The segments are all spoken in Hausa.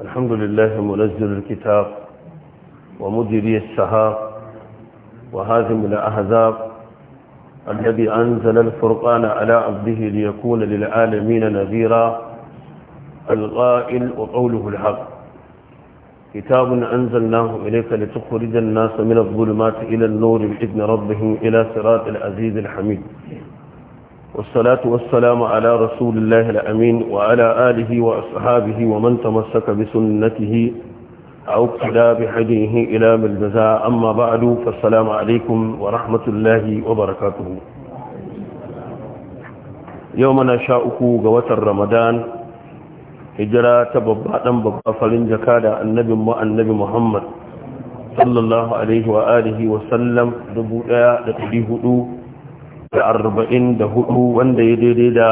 الحمد لله منزل الكتاب ومدري السحاب وهازم الأحزاب الذي أنزل الفرقان على عبده ليكون للعالمين نذيرا القائل وقوله الحق كتاب أنزلناه إليك لتخرج الناس من الظلمات إلى النور بإذن ربهم إلى صراط العزيز الحميد والصلاة والسلام على رسول الله الأمين وعلى آله وأصحابه ومن تمسك بسنته أو اقتدى بحديه إلى بالجزاء أما بعد فالسلام عليكم ورحمة الله وبركاته يوم نشاءك قوة رمضان هجرة تببعا ببافل جكادا النبي النبي محمد صلى الله عليه وآله وسلم دبوء لتبيه دو da arba'in da hudu wanda ya daidai da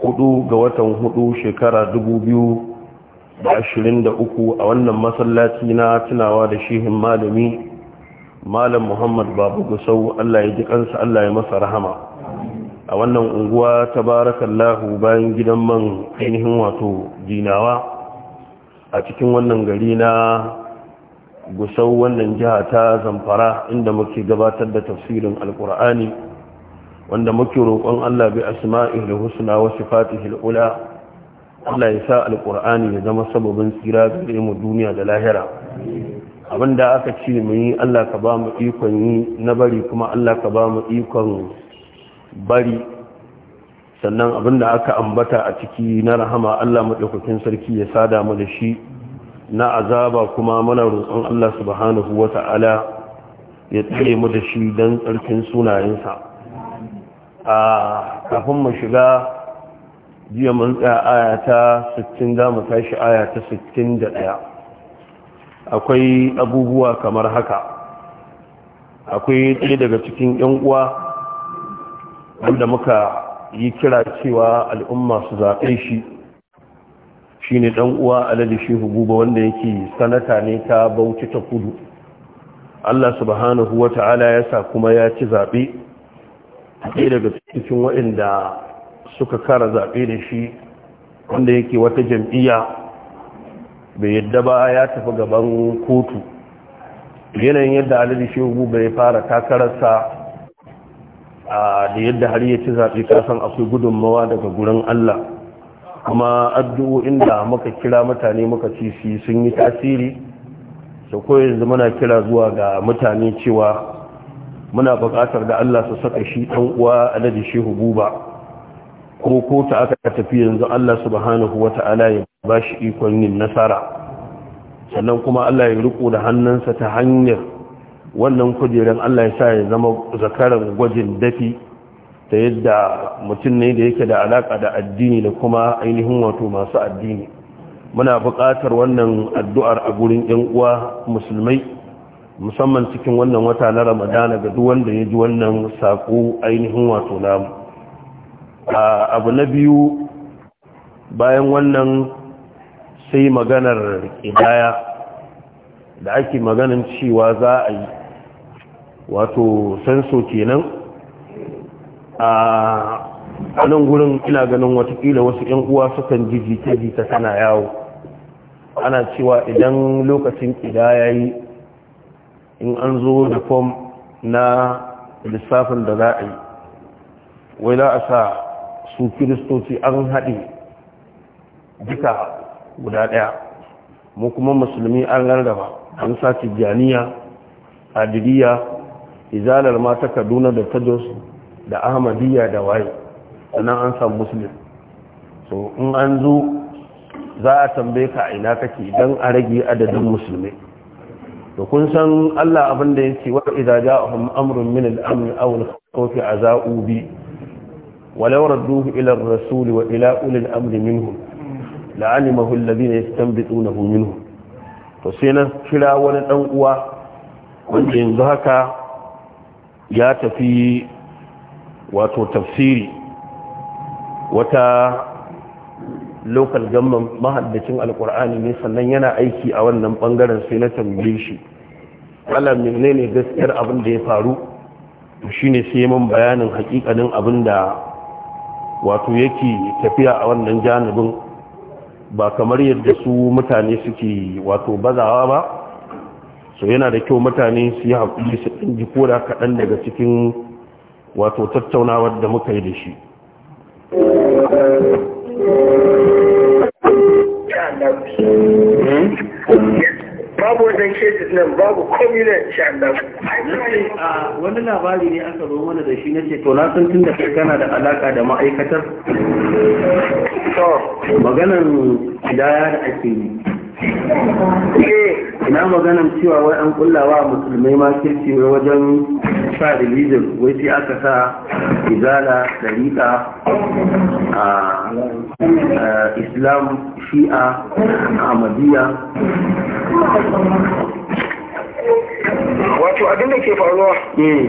hudu ga watan hudu shekara dubu biyu da ashirin da uku a wannan masallaci na tunawa da shihin malami malam muhammad babu gusau allah ya ji kansa allah ya masa rahama a wannan unguwa ta barakallahu bayan gidan man ainihin wato dinawa a cikin wannan gari na gusau wannan jiha ta zamfara inda muke gabatar da tafsirin alkur'ani wanda muke roƙon Allah bi da husna wa sifatihil ula Allah ya sa alqur'ani ya zama sababin tsira gare mu duniya da lahira abinda aka ce mu yi Allah ka ba mu ikon yi na bari kuma Allah ka ba mu ikon bari sannan abinda aka ambata a ciki na rahama Allah madaukakin sarki ya sada mu da shi na azaba kuma muna roƙon Allah subhanahu wata'ala ya tsare mu da shi don tsarkin sunayensa a kafin mu shiga jiya mun tsaya aya ta 60 za mu tashi aya ta 61 akwai abubuwa kamar haka akwai ɗaya daga cikin 'yan uwa wanda muka yi kira cewa al'umma su zaɓe shi shi ne ɗan uwa alade shehu guba wanda yake sanata ne ta bauchi ta kudu allah subhanahu wa ta'ala ya sa kuma ya ci zaɓe ɗaya daga cikin waɗanda suka kara zaɓe da shi wanda yake wata jam'iyya bai yadda ba ya tafi gaban kotu yanayin yadda alhaji shehu bai fara takararsa da yadda har ya ci zaɓe kasan akwai gudunmawa daga gurin allah kuma addu'o'in inda muka kira mutane muka ci sun yi tasiri da koyar zama muna kira zuwa ga mutane cewa muna buƙatar da Allah su saka shi ɗan uwa alaji shehu buba ko ko ta aka tafi yanzu Allah subhanahu wata'ala ya ba shi ikon yin nasara sannan kuma Allah ya riko da hannunsa ta hanyar wannan kujerar Allah ya sa ya zama zakaran gwajin dafi ta yadda mutum ne da yake da alaka da addini da kuma ainihin wato masu addini muna buƙatar wannan addu'ar a gurin 'yan uwa musulmai musamman cikin wannan wata na ramadana ga duk wanda ya ji wannan sako ainihin wato namu abu na biyu bayan wannan sai maganar idaya da ake maganin cewa za a yi wato sanso kenan a nan gurin ina ganin watakila wasu 'yan uwa sukan jijita jita tana yawo ana cewa idan lokacin ƙidaya yi in an zo da fom na lissafin da za a yi wai za a sa su kiristoci an haɗe duka guda ɗaya mu kuma musulmi an rarraba an sa tijjaniya adiriya izalar ma ta kaduna da tajos da ahmadiyya da waye sannan an samu musulmi so in an zo za a tambaye ka ina kake idan a rage adadin musulmi to kun san Allah abin da yake wa idza ja'ahum amrun min al-amn aw al-khawf azaa'u bi wa law radduhu ila ar-rasul wa ila ulil amri minhum la'alimahu alladhina yastanbitunahu minhum to sai na kira wani dan uwa wanda yanzu haka ya tafi wato tafsiri wata lokal government mahaddacin alkur'ani ne sannan yana aiki a wannan bangaren sai na tambaye shi Allah menene gaskiyar abin da ya faru shine sai mun bayanin hakikanin abin da wato yake tafiya a wannan janibin ba kamar yadda su mutane suke wato bazawa ba so yana da kyau mutane su yi haƙuri su ɗan ji koda kaɗan daga cikin wato tattaunawar da muka yi da shi babu wannan cases nan babu komi na insha Allah wani labari ne aka zo mana da shi na ce to na san tun da kai kana da alaka da ma'aikatar to maganan da ake yi eh. ina maganan cewa wai an kullawa musulmai ma kirki wai wajen sa religion wai sai aka sa izala rika a islam shi'a ahmadiyya wato abin da ke faruwa eh.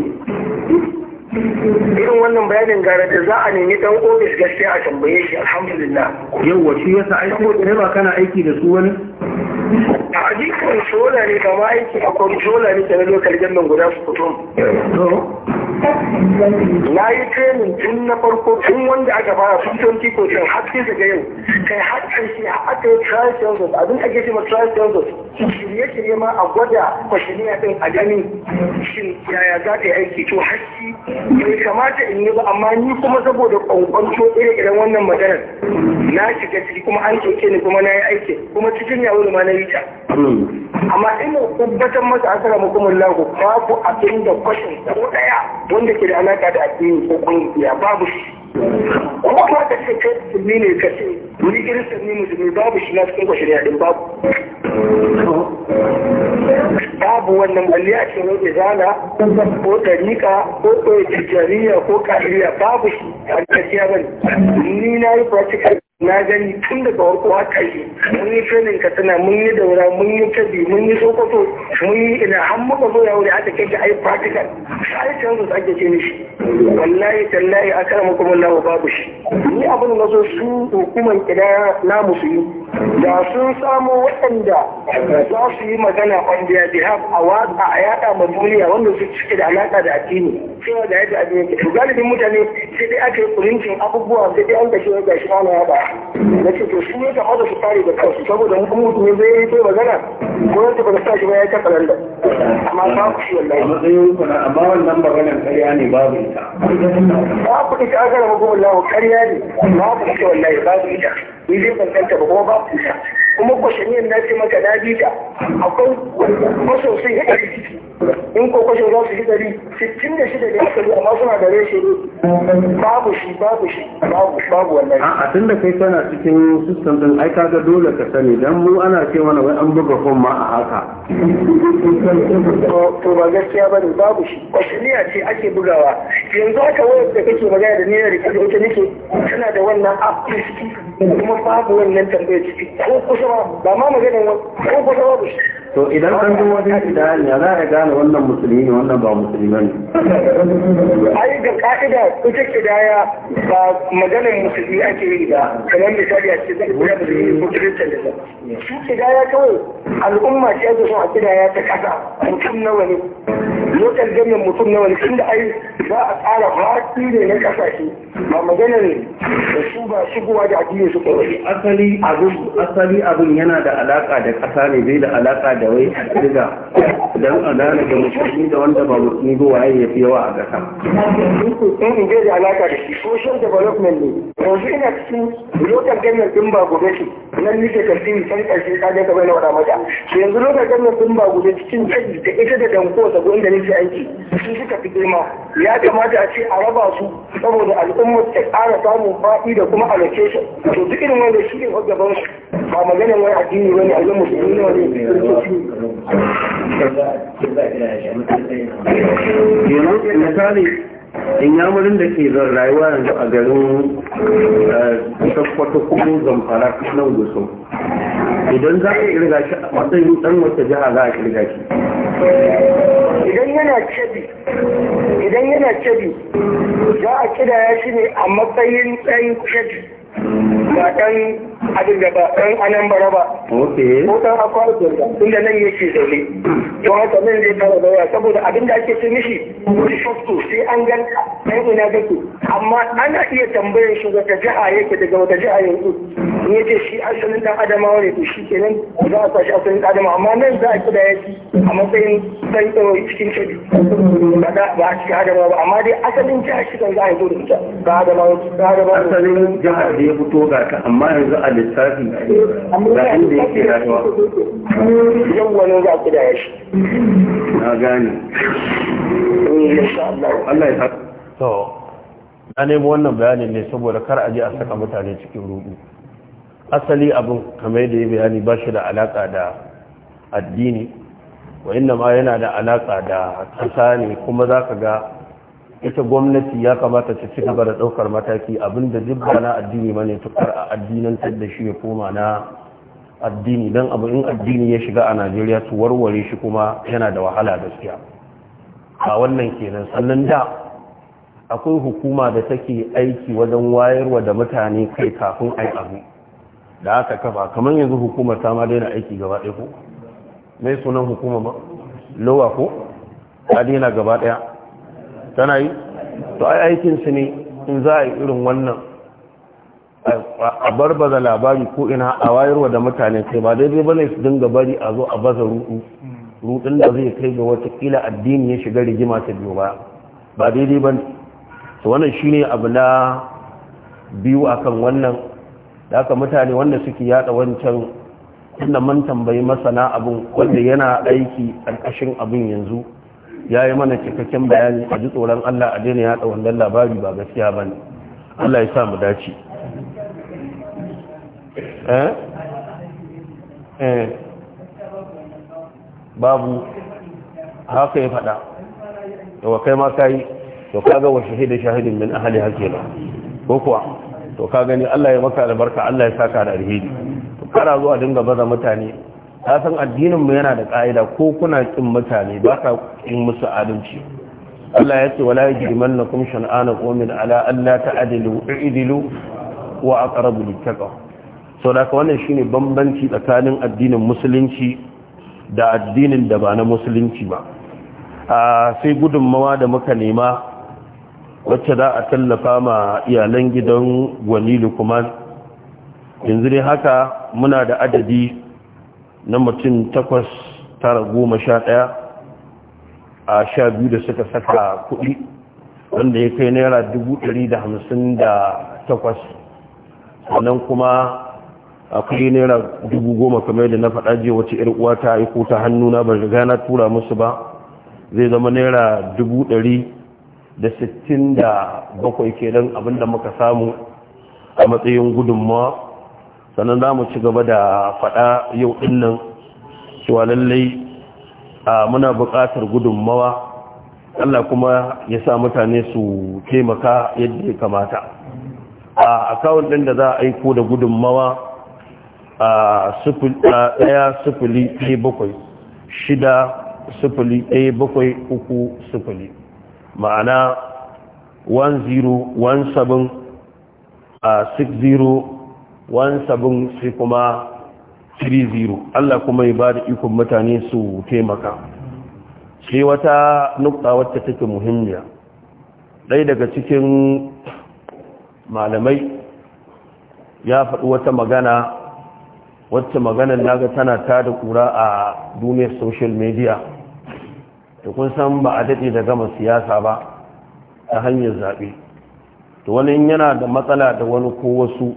irin wannan bayanin gara da za a nemi dan ofis gaskiya a tambaye shi alhamdulillah yau wace yasa aiki ne ba kana aiki da su wani a ji controller ne ba kama aiki a controller ne ke na lokal jannan guda su fito na yi training tun na farko tun wanda aka fara tun 2014 har sai daga yau kai har shi a aka yi trial census abin ake ce ma trial census shirye-shirye ma a gwada kwashiniya ɗin a gani shin yaya za ta yi aiki to haski bai kamata in yi ba amma ni kuma saboda ƙwanƙwanto irin irin wannan maganar na shiga ciki kuma an ɗauke ni kuma na yi aiki kuma cikin yawon ma na halitta amma ina tabbatar masa asara mukumin lagu babu abin da kwashin ko daya wanda ke da alaka da addini ko kungiya babu shi kuma kuma ta ce kai musulmi ne ka ce wani kiristan ne musulmi babu shi na cikin kwashin yadin babu babu wannan balli a cikin wani zana ko tarika ko ko tijjariya ko kariya babu shi a cikin bane ni na yi practical na gani tun daga warko haka yi mun yi filin katsina mun yi daura mun yi kabi mun yi sokoto mun yi ina har muka zo ya wuri aka kai ai practical sai can su ake ce mishi wallahi tallahi akramakum Allah babu shi ni abin da so su hukuman kidaya na musu yi da sun samu waɗanda za su yi magana on their behalf a watsa a yaɗa ma duniya wanda su cike da alaƙa da addini cewa da yadda addini ke galibin mutane sai dai aka yi kurincin abubuwa sai dai an da ya gashi mana ya ba na ce to su ne ka hada su fare da kansu saboda mun kuma mutum zai yi ta magana ko ya ta ba sa shi ba ya ta kalanda amma ba ku shi wallahi matsayin ku na amma wannan maganar ƙarya ne babu ita ba ku ita aka rama kuma lawo ƙarya ne ba ku ita wallahi babu ita ni zai kankanta ba kuma babu ita kuma kwashaniyar na ce maka na bita akwai maso sun yi ɗari in ko kwashin za su yi ɗari sittin da shida ne aka amma suna da reshe babu shi babu shi babu babu wallahi a tun da kai kana cikin sistem din ai kaga dole ka sani dan mu ana ce mana wai an buga kon ma a haka to ba gaskiya bane babu shi kwashaniya ce ake bugawa yanzu haka wayar da kake magana da naira da kake nake tana da wannan app kuma babu wannan tambayar ciki ko shi ba ma maganin wani ko kwata babu shi to idan an zo wajen idan ya za a gane wannan musulmi ne wannan ba musulmi ne ai ga ka'ida ita kidaya ba maganar musulmi ake yi ba kamar misali a cikin kuma musulmi ko kiristan da su kidaya kawai al'umma ce ake su a kidaya ta kasa mutum nawa ne lokal gamin mutum nawa ne tunda ai za a tsara faɗi ne na kasashe ba maganar da su ba shigowa da addini su kawai asali abun asali abin yana da alaka da kasa ne bai da alaka da wai a kirga don a dana da mutane da wanda ba musulmi ba waye ya fi yawa a gasa. in in da alaka da shi social development ne yanzu ina cikin lokal gannan din ba gobe ce nan ni ke karfi san karshe ka ga gaba na wada mata to yanzu lokal gannan din ba gobe cikin jaji da ita da danko sabo inda nake aiki su suka fi girma ya kamata a ce a raba su saboda al'ummar ta ƙara samun faɗi da kuma allocation to duk irin wanda shi ne gaban ba maganin wani addini wani a yi musulmi ne wani kenan misali in yamurin da ke zan rayuwa yanzu a garin eh, shakwata kuma zamfara nan guso idan za a kirga shi a matsayin dan wata jiha za a kirga shi idan yana cebi idan yana cebi za a kidaya shi ne a matsayin dan cabi ba ɗan abin da ba ɗan anan bara ba. Ko ɗan akwai da inda nan yake zaune. Don haka nan zai fara zaura saboda abin da ake ce mishi wani shakku sai an gan ɗan ina ku. Amma ana iya tambayar shi wata jiha yake daga wata jiha yanzu. In yace shi asalin ɗan adamawa ne to shi kenan za a shi asalin ɗan adamawa amma nan za a kira ya ci a matsayin ɗan tsoro eh, cikin shiri. Ba a cikin adamawa ba amma dai asalin jihar shi kan za a yi gudun ta. Ba adamawa. Asalin jihar waje ya fito ga ta amma yanzu a lissafi ga inda yake rayuwa yau wani za ku da ya shi na gane Allah ya to na nemi wannan bayanin ne saboda kar a je a saka mutane cikin rudu asali abin kamar da ya bayani ba shi da alaka da addini wa inna ma yana da alaka da ƙasa ne kuma za ka ga ita gwamnati ya kamata ta ci gaba da ɗaukar mataki abinda dubba na addini ba tukar a addinantar da shi ya koma na addini don abu in addini ya shiga a najeriya su warware shi kuma yana da wahala gaskiya a wannan kenan sannan da akwai hukuma da take aiki wajen wayarwa da mutane kai kafin ai abu da aka kafa kamar yanzu hukumar ta ma daina aiki gaba ɗaya ko mai sunan hukuma ba lowa ko ta daina gaba ɗaya tana yi to ai su ne in za a yi irin wannan a barbaza labari ko ina a wayarwa da mutane sai ba daidai bane su dinga bari a zo a baza rudu rudun da zai kai ga watakila addini ya shiga rigima ta biyu ba ba daidai ba ne su wannan shi ne abu na biyu akan wannan da aka mutane wanda suke yada wancan tunda man tambayi masana abin wanda yana aiki ƙarƙashin abin yanzu ya yi mana cikakken bayani a ji tsoron Allah a daina yaɗa wannan labari ba gaskiya ba ne Allah ya sa mu dace eh? Eh. babu haka ya faɗa to kai ma kayi to kaga wa shahida shahidin min ahli hakila ko kuwa to ka gani Allah ya maka albarka Allah ya saka da alheri to kana zuwa dinga baza mutane ta san addinin mu yana da ka'ida ko kuna kin mutane ba ka kin musu adalci Allah ya ce wala yajrimannakum shan'ana qawmin ala la ta'dilu i'dilu wa aqrabu littaqwa so da ka wannan shine bambanci tsakanin addinin musulunci da addinin da ba na musulunci ba a sai gudunmawa da muka nema wacce za a tallafa ma iyalan gidan gwanilu kuma? yanzu dai haka muna da adadi na mutum takwas tara goma sha ɗaya a sha biyu da suka saka kuɗi wanda ya kai naira dubu ɗari da hamsin da takwas sannan kuma a kuɗi naira dubu goma kamar da na faɗa jiya wace 'yar uwa ta aiko ta hannu na ban riga na tura musu ba zai zama naira dubu ɗari da sittin da bakwai kenan abinda muka samu a matsayin gudunmawa sannan za mu ci gaba da faɗa yau ɗinnan nan cewa lallai muna buƙatar gudunmawa Allah kuma ya sa mutane su taimaka yadda ya kamata a akawun ɗin da za a aiko da gudunmawa a ɗaya sufuli ɗaya bakwai shida sufuli ɗaya bakwai uku sufuli ma'ana 1017 a 60 17 sai kuma 30 Allah kuma ya ba da ikon mutane su taimaka sai wata nukta wacce take muhimmiya ɗaya daga cikin malamai ya faɗi wata magana wacce maganar naga tana ta da ƙura a duniyar social media da kun san ba a daɗe da gama siyasa ba ta hanyar zaɓe to wani yana da matsala da wani ko wasu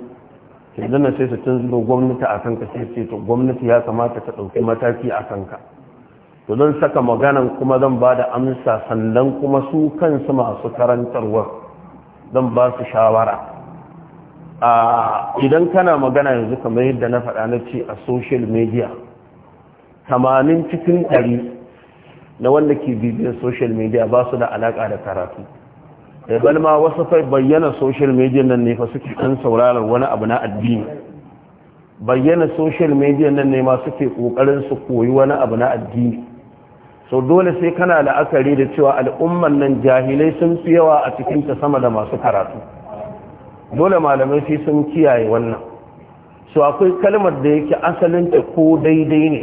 yanzu sai su tunzuba gwamnati a kanka sai ce to gwamnati ya kamata ta ɗauki mataki a kanka to don saka maganan kuma zan ba da amsa sannan kuma su kansu masu karantarwa zan ba su shawara a idan kana magana yanzu kamar yadda na faɗa na ce a social media tamanin cikin ɗari na wanda ke bibiyar social media ba su da alaƙa da karatu da eh, balma wasu fai bayyana social media nan ne fa suke kan sauraron wani abu na addini bayyana social media nan ne ma suke kokarin su koyi wani abu na addini so dole sai kana la'akari da cewa al'umman nan jahilai sun fi yawa a cikin ta sama da masu karatu dole malamai sai sun kiyaye wannan so akwai kalmar da yake asalin ta ko daidai ne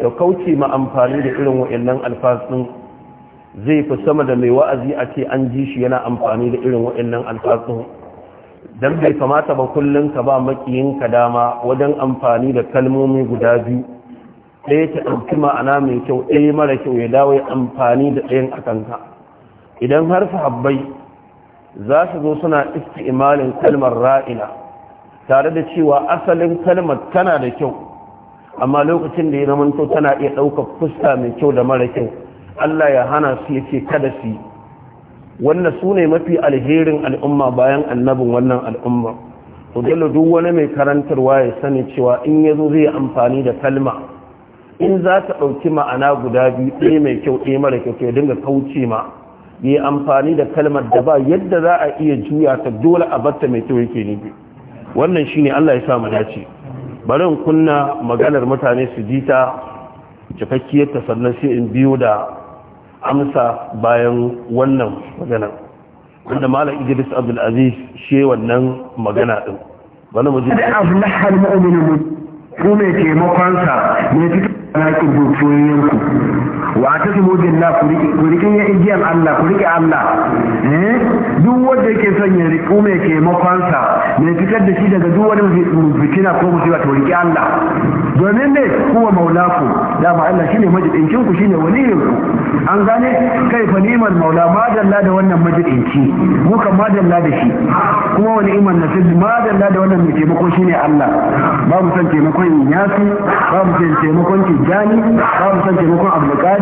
da kauce ma amfani da irin wa'annan alfasun zai fi sama da mai wa'azi a ce an ji shi yana amfani da irin waɗannan alfatsun don bai kamata ba kullum ka ba makiyinka dama wajen amfani da kalmomi guda biyu ɗaya ta ɗauki ma'ana mai kyau ɗaya mara kyau ya dawo ya amfani da ɗayan a kanka idan har Habbai za su zo suna imalin kalmar ra'ina tare da cewa asalin kalmar tana da kyau amma lokacin da ya zamanto tana iya ɗaukar fusta mai kyau da mara kyau Allah ya hana su ya ce kada su wannan su ne mafi alherin al'umma bayan annabin wannan al'umma to dole duk wani mai karantarwa ya sani cewa in ya zo zai amfani da kalma in za ta ɗauki ma'ana guda biyu ɗaya mai kyau ɗaya mara kyau ya dinga kauce ma yi amfani da kalmar da ba yadda za a iya juya ta dole a batta mai kyau yake nufi wannan shine Allah ya sa mu dace bari in kunna maganar mutane su ji ta cikakkiyar ta sannan sai in biyo da amsa bayan wannan magana wanda malam idris aziz shi wannan magana din wani mu ji da aflahal mu'minun ku mai taimakonsa ne cikin alaƙin dukiyoyinku wa ta su mojin na ku riƙin ya igiyan Allah ku riƙe Allah eh? duk wanda yake son ya riku mai taimakonsa ne fitar da shi daga duk wani fitina ko musiba to riƙe Allah domin ne kuwa maulaku da ba Allah shine majidinkin ku shine waliyin ku an gane kai fa ni'mal maula ma dalla da wannan majidinki mu kan ma dalla da shi kuma wani iman na sirri ma dalla da wannan mai taimako shine Allah ba mu san taimakon yasi ba mu san taimakon tijani ba mu san taimakon abdulkadir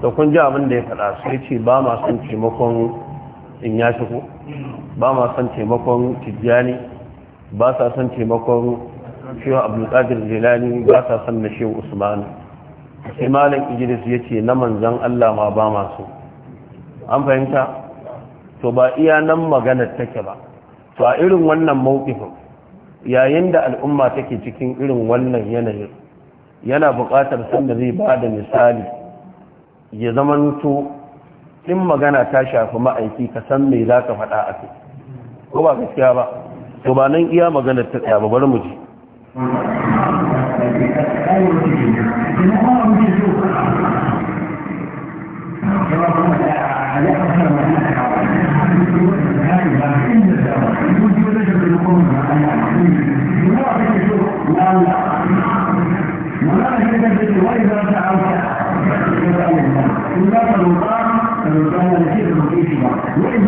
da kun ji abin da ya faɗa sai ce ba ma son taimakon in ya shigo ba ma son taimakon tijjani ba sa son taimakon shehu abdulkadir jilani ba sa son na shehu usman sai malam idris ya ce na manzan allah ma ba masu an fahimta to ba iya nan maganar take ba to a irin wannan mawukifin yayin da al'umma take cikin irin wannan yanayin yana buƙatar sanda zai ba da misali ya zama nuto ɗin magana ta shafi ma'aiki ka san mai za ka faɗa a kai ko ba gaskiya ba to ba nan iya magana ta tsaya ba bari mu ji وإذا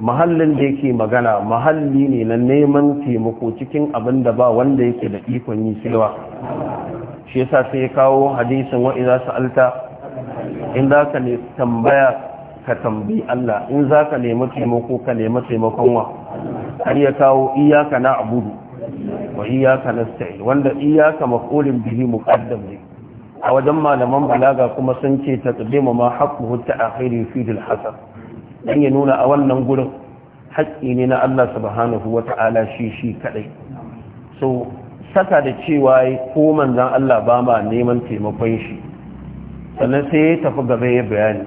mahallin da yake magana mahalli ne na neman taimako cikin abin da ba wanda yake da ikon yi cewa shi yasa sai ya kawo hadisin wa idza sa'alta in zaka ne tambaya ka tambayi Allah in zaka nemi taimako ka nemi taimakon wa har ya kawo na abudu wa iyyaka nasta'in wanda iyaka maf'ulun bihi muqaddam ne a wajen malaman balaga kuma sun ce taqdimu ma haqquhu ta'khiri fi dil hasab dan ya nuna a wannan gurin haƙƙi ne na Allah subhanahu wata'ala shi shi kadai so saka da cewa ko manzon Allah ba ma neman taimakon shi sannan sai ya tafi gaba ya bayani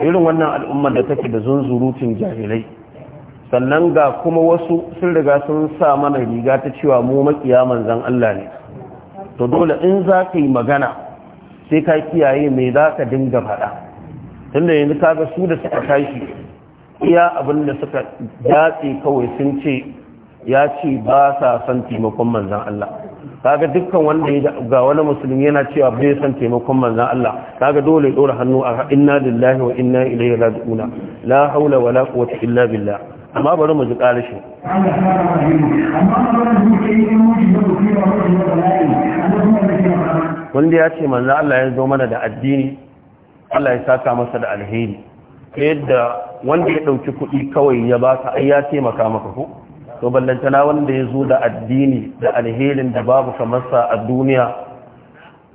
irin wannan al'ummar da take da zunzurutun jahilai sannan ga kuma wasu sun riga sun sa mana riga ta cewa mu makiya manzon Allah ne to dole in za ka yi magana sai ka kiyaye me za ka dinga faɗa tunda yanzu kaga su da suka tashi iya abin da suka datse kawai sun ce ya ce ba sa son taimakon manzan Allah kaga dukkan wanda ya ga wani musulmi yana cewa bai san taimakon manzan Allah kaga dole dora hannu a inna lillahi wa inna ilaihi raji'una la haula wala quwwata illa billah amma bari mu ji karishin wanda ya ce manzan Allah ya zo mana da addini Allah ya saka masa da alheri ta yadda wanda ya ɗauki kuɗi kawai ya ba ka ai ya taimaka maka ku? to ballantana wanda ya zo da addini da alherin da babu kamar sa a duniya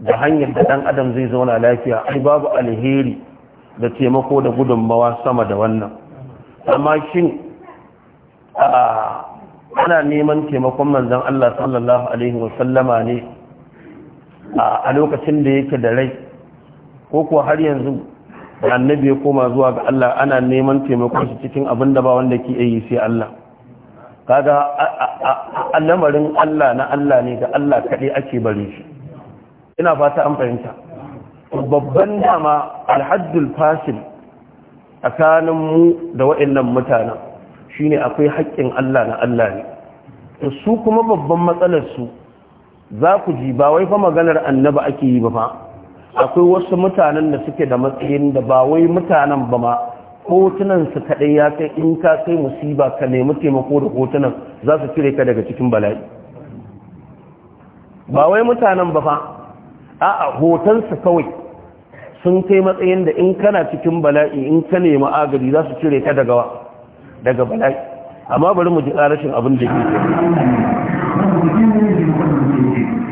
da hanyar da ɗan adam zai zauna lafiya ai babu alheri da taimako da gudunmawa sama da wannan amma shin ana neman taimakon manzon Allah sallallahu alaihi wasallama ne a lokacin da yake da rai ko kuwa har yanzu da annabi ya koma zuwa ga Allah ana neman taimakon shi cikin abin da ba wanda ke yi sai Allah kaga al'amarin Allah na Allah ne ga Allah kaɗai ake bari shi ina fata an fahimta babban dama alhaddul fasil tsakanin mu da waɗannan mutanen shine akwai haƙƙin Allah na Allah ne su kuma babban matsalar su za ku ji ba wai fa maganar annabi ake yi ba fa akwai wasu mutanen da suke da matsayin da ba wai mutanen ba ma hotunan su kaɗai ya kai in ka kai musiba ka nemi taimako da hotunan za su cire ka daga cikin bala'i ba wai mutanen ba fa a'a hoton su kawai sun kai matsayin da in kana cikin bala'i in ka nemi agari za su cire ka daga daga bala'i amma bari mu ji ƙarashin abin da ke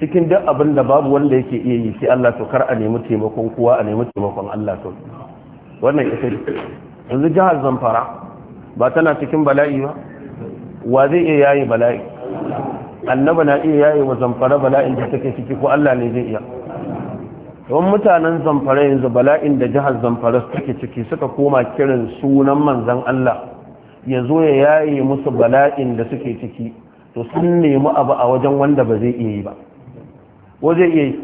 cikin duk abin da babu wanda yake iya yi sai Allah to kar a nemi taimakon kowa a nemi taimakon Allah to wannan ita yanzu jihar Zamfara ba tana cikin bala'i ba wa zai iya yayi bala'i annaba na iya yayi wa Zamfara bala'in da take ciki ko Allah ne zai iya don mutanen Zamfara yanzu bala'in da jihar Zamfara take ciki suka koma kiran sunan manzon Allah ya zo ya yayi musu bala'in da suke ciki to sun nemi abu a wajen wanda ba zai iya yi ba ko zai iya yi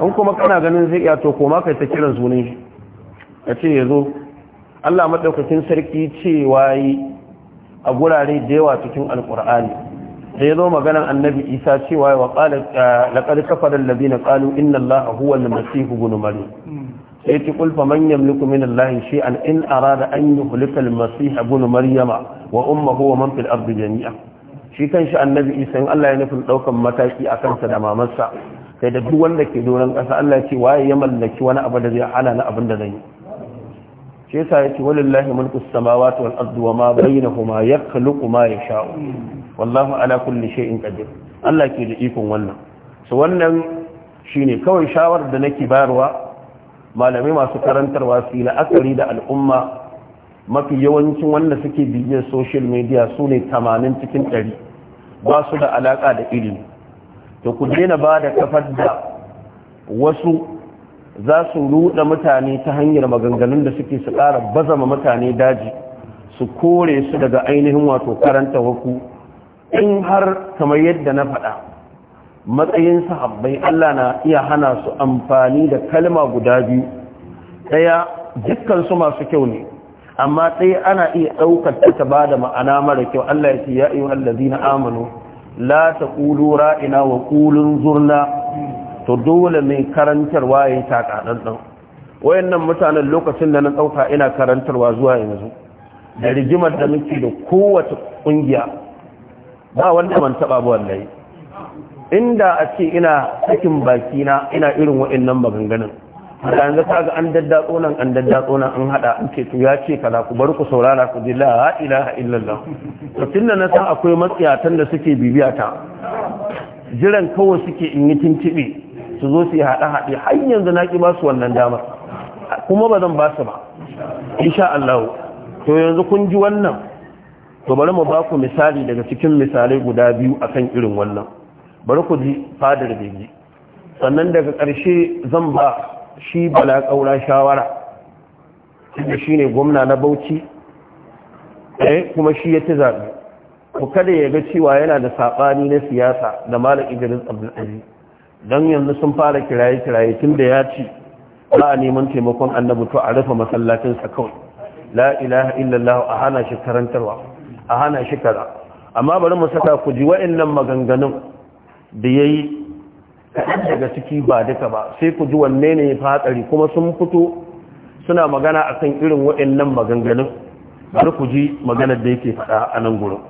in kuma kana ganin zai iya to koma kai ta kiran sunan shi ya ce ya zo Allah maɗaukacin sarki cewa yi a gurare da yawa cikin alkur'ani da ya zo annabi isa cewa wa laƙar kafarar labina ƙalu inna allaha huwa na masihu gunu mari sai ci kulfa manyan lukumin shi an in arada an yi hulikal masiha gunu maryama wa umma huwa man fil ardi jami'a shi kan shi annabi isa in allah ya nufin ɗaukan mataki a kansa da mamarsa kai da duk wanda ke doron ƙasa Allah ce waye ya mallaki wani abu da zai hana na abin da zan yi shi yasa yace walillahi mulku samawati wal ardi wa ma bainahuma yakhluqu ma yasha'u wallahu ala kulli shay'in qadir Allah ke da ikon wannan so wannan shine kawai shawar da nake bayarwa malamai masu karantarwa su la'akari da al'umma mafi yawancin wanda suke bibiyar social media su ne 80 cikin 100 ba su da alaka da ilimi to ku daina ba da kafar da wasu za su ruɗa mutane ta hanyar maganganun da suke su ƙara bazama mutane daji su kore su daga ainihin wato karanta waku in har kamar yadda na faɗa matsayin sahabbai Allah na iya hana su amfani da kalma guda biyu ɗaya dukkan masu kyau ne amma ɗaya ana iya ɗaukar ta ba da ma'ana mara kyau Allah ya ce ya iya allazina amanu la ta ƙulu ra'ina wa ƙulun zurna to dole mai karantarwa ya yi takaɗanɗan wayannan mutanen lokacin da na ɗauka ina karantarwa zuwa yanzu da rigimar da muke da kowace ƙungiya ba wanda ban taɓa ba wallahi inda a ce ina sakin bakina ina irin wayannan maganganun da yanzu ta ga an daddatso nan an nan an hada an ce ya ce kaza ku bar ku saurara ku ji la ilaha illallah to tunda na san akwai matsiyatan da suke bibiya ta jiran kawai suke in yi tintibe su zo su yi hada hade har yanzu na ki ba su wannan damar kuma ba zan ba su ba insha Allah to yanzu kun ji wannan to bari mu ba ku misali daga cikin misalai guda biyu akan irin wannan bari ku ji fadar bege sannan daga ƙarshe zan ba shi bala kaura shawara shi ne gwamna na bauchi eh kuma shi ya ci zaɓe ku kada ya ga cewa yana da saɓani na siyasa da malam idris aji. don yanzu sun fara kiraye-kiraye tun da ya ci ba a neman taimakon annabi to a rufe masallacinsa kawai la ilaha illallah a hana shi karantarwa a hana shi kara. amma bari mu saka ku ji waɗannan maganganun da yayi kaɗan daga ciki ba duka ba sai ku ji wanne ne hatsari kuma sun fito suna magana a kan irin waɗannan maganganun bari ku ji maganar da yake faɗa a nan gurin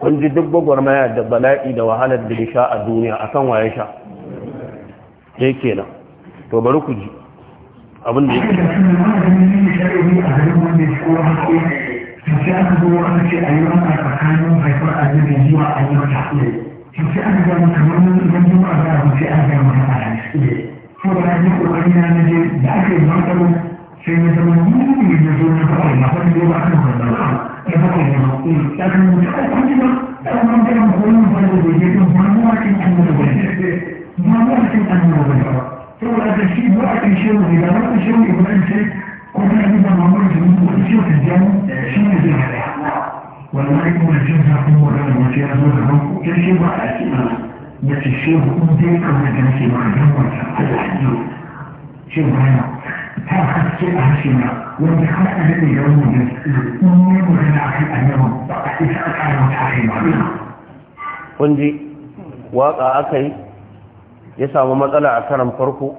kun ji duk gwagwarmaya da bala'i da wahalar da ya sha a duniya akan waye sha ya kenan to bari ku ji abin da yake sai ya zama yi ne zo na kawai na wani yau ba kan wannan ya ba kai ma eh ya kan mutu a kan ba da mun ga mun koyi mun fara da yake mun ma cikin annabawa ne ma ma cikin annabawa ne ثم هذا الشيء ما أكل إذا ما أكل شيء يكون أمسك كل هذا ما مرض في الجنة شيء يزيد عليه ولما يكون الجنة في مدن وشيء يزيد عنه كل ما أكل بس الشيء يكون ذيك وما كان شيء ما هذا حجر شيء مهم هذا حسي أهشنا وإن خلق هذا يوم من يوم من أخي أنه أحسك على متحكي معنا ونجي واقع أكل ya samu matsala a karan farko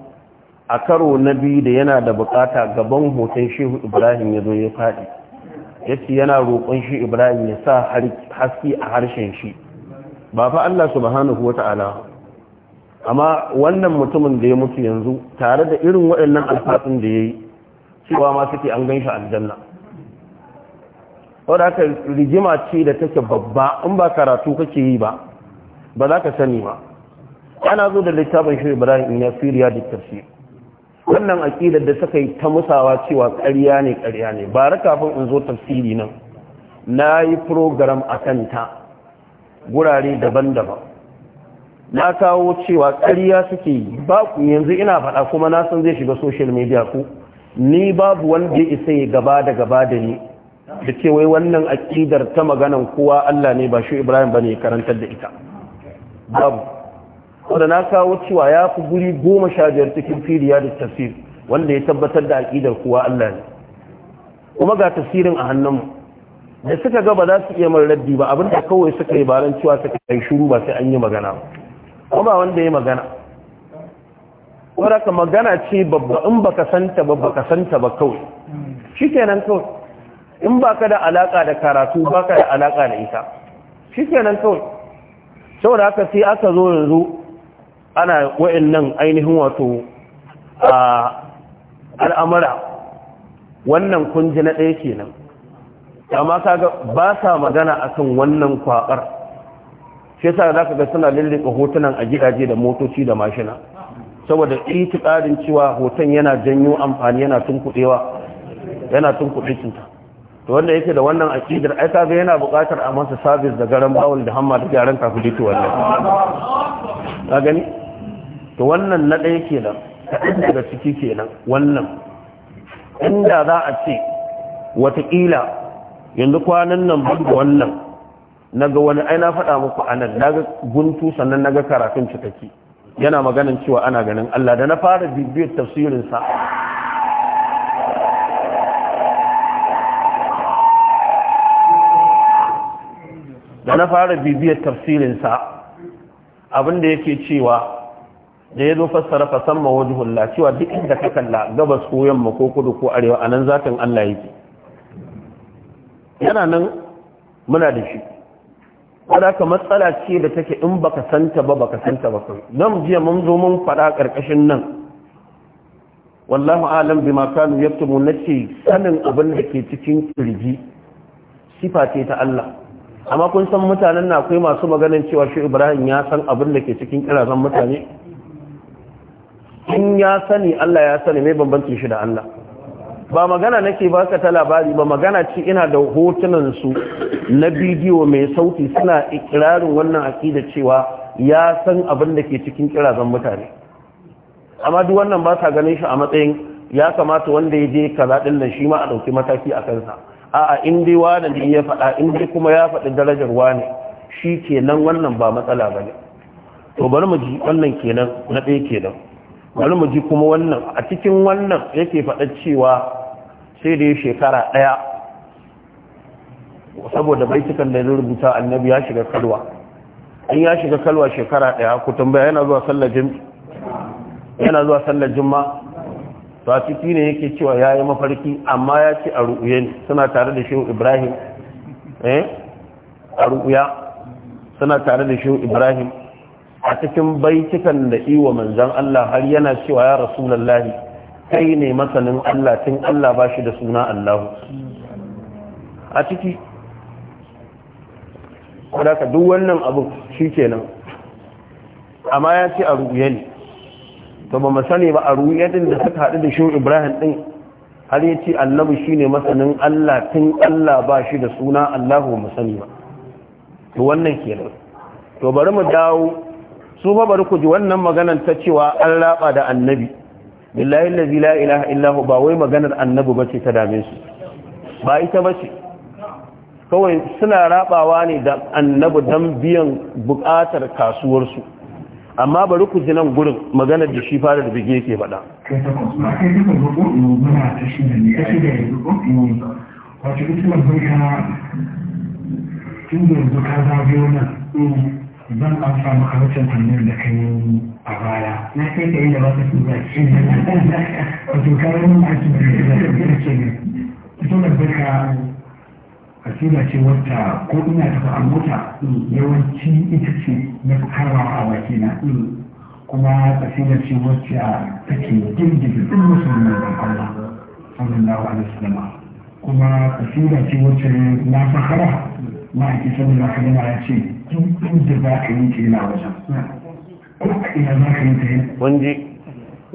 a karo na biyu da yana da bukata gaban hoton shehu ibrahim ya zo ya faɗi ya ce yana roƙon shi ibrahim ya sa haske a harshen shi ba fa allah ku wata ala? amma wannan mutumin da ya mutu yanzu tare da irin waɗannan alfatsun da ya yi cewa ma suke an gan shi aljanna wadda aka rigima ce da take babba in ba karatu kake yi ba ba za ka sani ba ana zo da littafin shi ibrahim ya firiya da wannan aƙidar da suka yi ta musawa cewa ƙarya ne ƙarya ne ba ra kafin in zo tafsiri nan na yi program a kanta gurare daban-daban na kawo cewa ƙarya suke yi ba yanzu ina faɗa kuma na san zai shiga social media ku ni babu wanda ya isa ya gaba da gaba da ni da ke wai wannan aƙidar ta maganan kowa Allah ne ba shi Ibrahim bane ya karantar da ita babu wanda na kawo cewa ya fi guri goma sha biyar cikin filiya da tafsir wanda ya tabbatar da aƙidar kuwa Allah ne kuma ga tafsirin a hannunmu da suka ga ba za su iya raddi ba abin da kawai suka yi baran cewa suka kai shuru ba sai an yi magana ba kuma wanda ya magana wadaka magana ce babba in baka santa ba baka santa ba kawai shikenan kawai in baka da alaka da karatu baka da alaka da ita shikenan kawai saboda haka sai aka zo yanzu ana nan ainihin wato a al'amura wannan kunji na ɗaya kenan amma kaga ba sa magana akan wannan kwakar. shi za zaka ga suna lulluɓe hotunan a gidaje da motoci da mashina saboda ƙarin cewa hoton yana janyo amfani yana tunkuɗewa yana tunkuɗe cuta to wanda yake da wannan aqidar ai kaga yana buƙatar a masa sabis da garan bawul da hamma da gyaran kafin wannan ka gani to wannan na ɗaya kenan kaɗan daga ciki kenan wannan inda za a ce wataƙila yanzu kwanan nan ban wannan na ga wani aina faɗa muku nan na ga guntu sannan na ga karatun cikakki yana maganin cewa ana ganin Allah da na fara bibiyar tafsirinsa da na fara bibiyar tafsirinsa abinda yake cewa da ya zo fassara wajen hula cewa duk inda ka kalla gabas ko yamma ko kudu ko arewa a anan zatin Allah yake yana nan muna da shi ka matsala ce da take in baka santa ba baka santa ba kai nan jiya mun zo mun fada karkashin nan wallahu alam bima kanu yaktubu nace sanin abin da ke cikin kirji sifa ce ta Allah amma kun san mutanen na akwai masu maganar cewa shi Ibrahim ya san abin da ke cikin kirazan mutane in ya sani Allah ya sani mai bambanci shi da Allah ba magana nake baka ta labari ba magana ce ina da hotunan su na bidiyo mai sauti suna ikirarin wannan akida cewa ya san abin da ke cikin kirazan mutane amma duk wannan ba sa ganin shi a matsayin ya kamata wanda ya je kaza din nan shi ma a dauki mataki a kansa a'a in dai wani ne ya faɗa in dai kuma ya faɗi darajar wani shi kenan wannan ba matsala bane to bari mu ji wannan kenan na ɗaya kenan bari mu ji kuma wannan a cikin wannan yake faɗa cewa sai da ya shekara ɗaya saboda baitukan da ya rubuta annabi ya shiga kalwa in ya shiga kalwa shekara ɗaya ku tambaya yana zuwa sallar jim'i yana zuwa sallar jimma to a ciki ne yake cewa ya yi mafarki amma ya ce a ru'uye suna tare da shehu ibrahim eh a ru'uya suna tare da shehu ibrahim a cikin baitukan da iwa manzan Allah har yana cewa ya rasulullahi kai ne masanin Allah tun Allah ba shi da suna Allah a ciki ka duk wannan abu shi kenan amma ya ce a ruye ne to ba masani ba a ruye din da suka haɗu da shi ibrahim din har ya ce annabi shi ne masanin Allah tun Allah ba shi da suna Allah ba masani ba to wannan kenan to bari mu dawo su ba bari ku ji wannan maganar ta cewa an raba da annabi billahi la ilaha illahu ba wai maganar annabi ce ta dame su ba ita ba ce kawai suna rabawa ne da annabi dan biyan bukatar kasuwarsu. amma bari ku ji nan gurin maganar da shi fara da bige yake faɗa wato ita mai tun da yanzu ka nan zan amsa maka wancan tambayar da ka yi a baya na sai ka yi da wata su ba shi ne wato kayan mun aiki da ke da ke ne ita da a tura ce wata ko ina tafi a mota yawanci ita ce na karwa a wakina kuma tura ce ta ke girgiza duk musulmi da Allah sallallahu alaihi wasallam kuma tura ce wata na fahara ma'aikatan da ka gama ya ce tun da za ka yi kila wajen ko a ina za ka yi ta yi wanji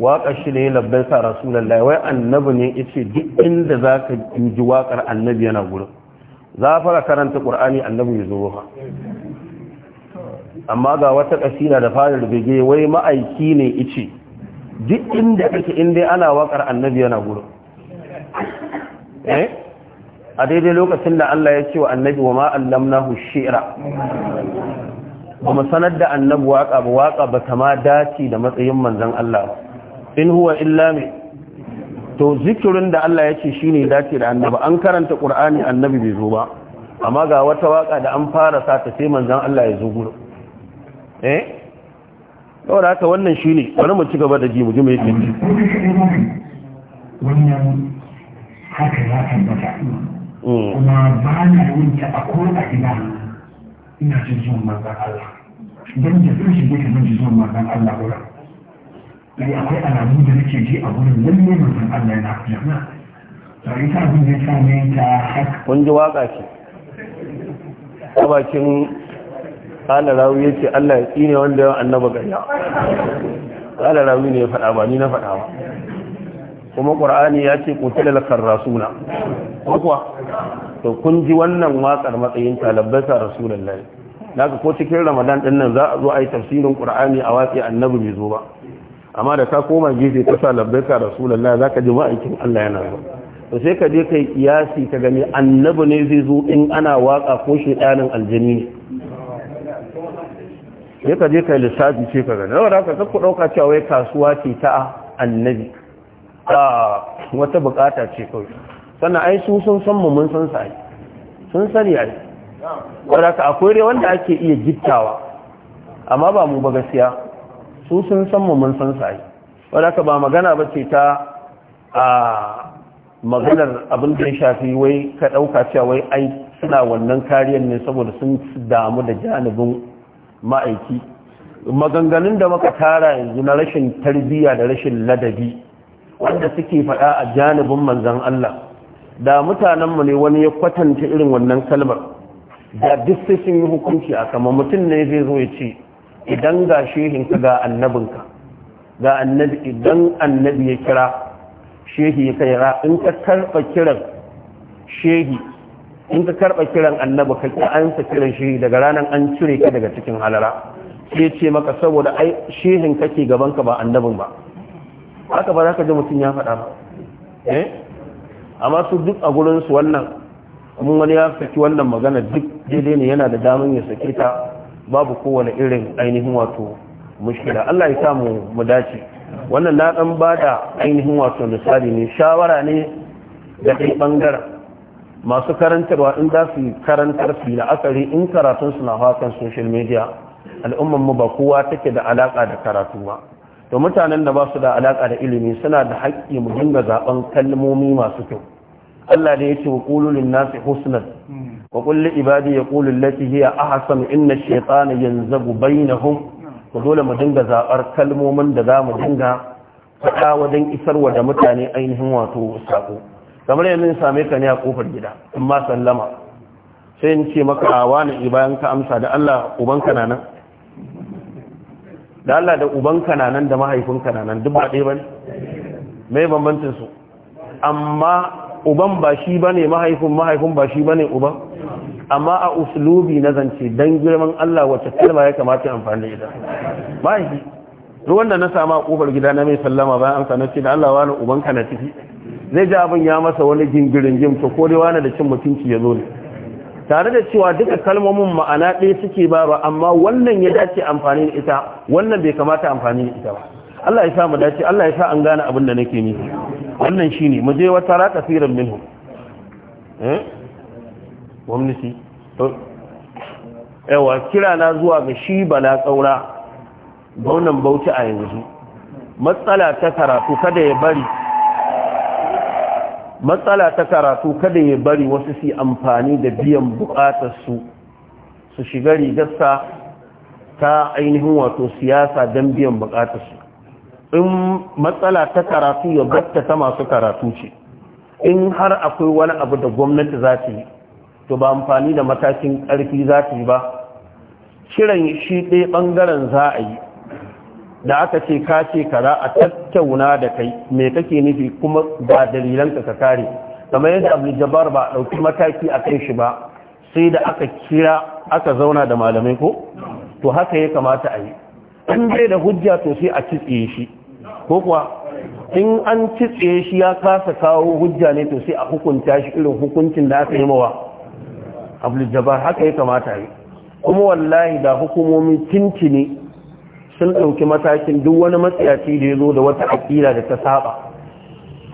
waƙar shi da ya labbai sa rasulun laiwai annabi ne ya ce duk inda za ka yi waƙar annabi yana gurin za a fara karanta ƙur'ani annabi ya zo ha amma ga wata ƙasina da fara rubege wai ma'aiki ne ice duk inda kake inda ana waƙar annabi yana gurin eh a daidai lokacin da Allah ya ce wa annabi wa ma'allamna shi'ra ba mu sanar da annabi waƙa ba waƙa ba ta ma dace da matsayin manzan Allah in huwa illa me to zikirin da Allah ya ce shi ne dace da annabi an karanta ƙur'ani annabi bai zo ba amma ga wata waƙa da an fara sa ta sai manzan Allah ya zo gudu eh da haka wannan shi ne bari mu ci gaba da ji mu ji mu yake wannan haka ya tabbata Mm. kuma ba na yin ta a ko a ina ina jin zuwan manzan Allah don da sun shige ka jin zuwan manzan Allah wurin dai akwai alamu da nake ji a wurin lalle manzan Allah yana jama'a to ita abin da ya sa ne ta haka kun ji waka ce ta bakin kala rawu ya ce Allah ya tsine wanda yawan annaba gariya kala rawu ne ya faɗa ba ni na faɗa ba kuma ƙur'ani ya ce ƙutilal karrasuna ko kuwa to kun ji wannan watsar matsayin talabbasa rasulullahi daga ko cikin ramadan din nan za a zo a yi tafsirin ƙur'ani a watsi annabi bai zo ba amma da ka koma gefe ta salabbaka rasulullahi za ka ji ma'aikin allah yana zo to sai ka je kai kiyasi ka gani annabi ne zai zo in ana waka ko shi aljini ne sai ka je kai lissafi ce ka gani rawar haka ka ku ɗauka cewa wai kasuwa ce ta annabi wata bukata ce kawai sannan ai su sun san mun san ai sun sani ai wadaka akwai dai wanda ake iya gittawa amma ba mu ba gaskiya su sun san mun san sai wadaka ba magana ba ce ta a maganar abin da ya shafi wai ka dauka cewa wai ai suna wannan kariyar ne saboda sun damu da janibin ma'aiki maganganun da muka tara yanzu na rashin tarbiyya da rashin ladabi wanda suke faɗa a janibin manzan Allah da mutanenmu ne wani ya kwatanta irin wannan kalmar da duk sai sun yi hukunci a kama mutum ne zai zo ya ce idan ga shehinka ga annabinka ga annabi idan annabi ya kira shehi ya kai ra in ka karɓa kiran shehi in ka karɓa kiran annabi ka ki an sa kiran shehi daga ranar an cire ka daga cikin halara sai ce maka saboda ai shehin kake gaban ka ba annabin ba haka ba za ka ji mutum ya faɗa ba eh amma su duk a gurinsu wannan mun wani ya saki wannan magana duk daidai ne yana da damin ya saki ta babu kowane irin ainihin wato mushkila Allah ya samu mu dace wannan na dan bada ainihin wato misali ne shawara ne da kai bangaren masu karantarwa in za su karantar su la'akari in karatun su na hakan social media al'ummar mu ba kowa take da alaka da karatu ba to mutanen da ba su da alaka da ilimi suna da haƙƙi mu dinga zaben kalmomi masu kyau Allah da yace wa qulu lin nasi husnan wa qul li ibadi yaqulu allati hiya ahsan inna ash-shaytana yanzabu bainahum to dole mu dinga zabar kalmomin da za mu dinga faɗa wajen wa da mutane ainihin wato sako kamar yanzu same ka ne a kofar gida in ma sallama sai in ce maka wani bayan ka amsa da Allah ubanka na nan da Allah da uban kananan da mahaifin kananan duk ba ɗaya ne mai bambancin su amma uban ba shi ba ne mahaifin mahaifin ba shi ba ne uban amma a uslubi na zance don girman Allah wacce kalma ya kamata amfani da ita mahaifi ruwan da na samu a ƙofar gida na mai sallama bayan an sanar ce da Allah wani uban kana na ciki zai ji abin ya masa wani gingirin jim to ko dai wani da cin mutunci ya zo ne tare da cewa duka kalmomin ma'ana ɗaya suke ba ba amma wannan ya dace amfani da ita wannan bai kamata amfani da ita ba Allah ya sa mu dace Allah ya sa an gane abin da nake nufi wannan shine mu je wata ra kasiran minhu eh gwamnati wa kira na zuwa ga shi bala tsaura gwamnan bauchi a yanzu matsala ta karatu kada ya bari matsala ta karatu kada ya bari wasu su amfani da biyan bukatarsu su shiga rigarsa ta ainihin wato siyasa don biyan bukatarsu in matsala ta karatu ya batta ta masu karatu ce in har akwai wani abu da gwamnati za ta yi to ba amfani da matakin ƙarfi za ta yi ba shirin shi ɗaya ɓangaren za a yi da aka ce ka ce ka za a tattauna da kai me kake nufi kuma ba dalilanka ka kare kamar yadda abu jabar ba ɗauki mataki a kai shi ba sai da aka kira aka zauna da malamai ko to haka ya kamata a yi in bai da hujja to sai a kitse shi ko kuwa in an kitse shi ya kasa kawo hujja ne to sai a hukunta shi irin hukuncin da aka yi mawa abu jabar haka ya kamata a yi kuma wallahi da hukumomin tintini sun ɗauki matakin duk wani matsayaci da ya zo da wata aƙila da ta saba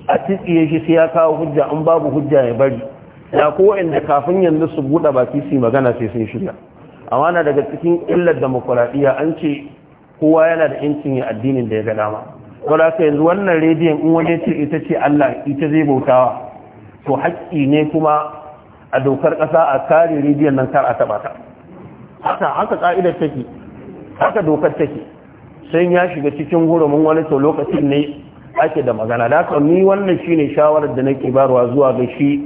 a tsitsiye shi sai ya kawo hujja an babu hujja ya bari na kowa inda kafin yanzu su buɗe baki su magana sai sun shirya amma na daga cikin illar demokuraɗiyya an ce kowa yana da yancin ya addinin da ya ga dama saboda yanzu wannan rediyon in wani ce ita ce Allah ita zai bautawa to haƙƙi ne kuma a dokar ƙasa a kare rediyon nan kar a taɓa ta haka haka ƙa'idar take haka dokar take sai ya shiga cikin hurumin wani to lokacin ne ake da magana da haka ni wannan shine shawarar da nake barwa zuwa ga shi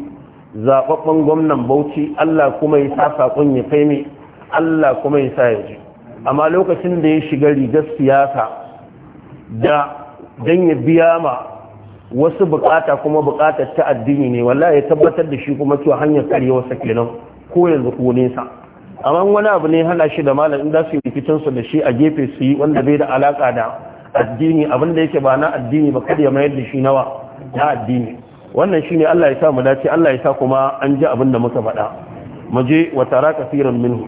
zababban gwamnan Bauchi Allah kuma ya sa sakon ya kai mi Allah kuma ya sa ya ji amma lokacin da ya shiga rigar siyasa da dan ya biya ma wasu bukata kuma bukatar ta addini ne wallahi ya tabbatar da shi kuma cewa hanyar karewa kenan ko yanzu ko nesa amma wani abu ne hana shi da malam inda su yi rikicinsu da shi a gefe su yi wanda bai da alaka da addini abin da yake ba na addini ba kada ya mayar da shi nawa na addini wannan shi ne Allah ya sa mu dace Allah ya sa kuma an ji abin da muka faɗa mu je wa tara kafiran minhu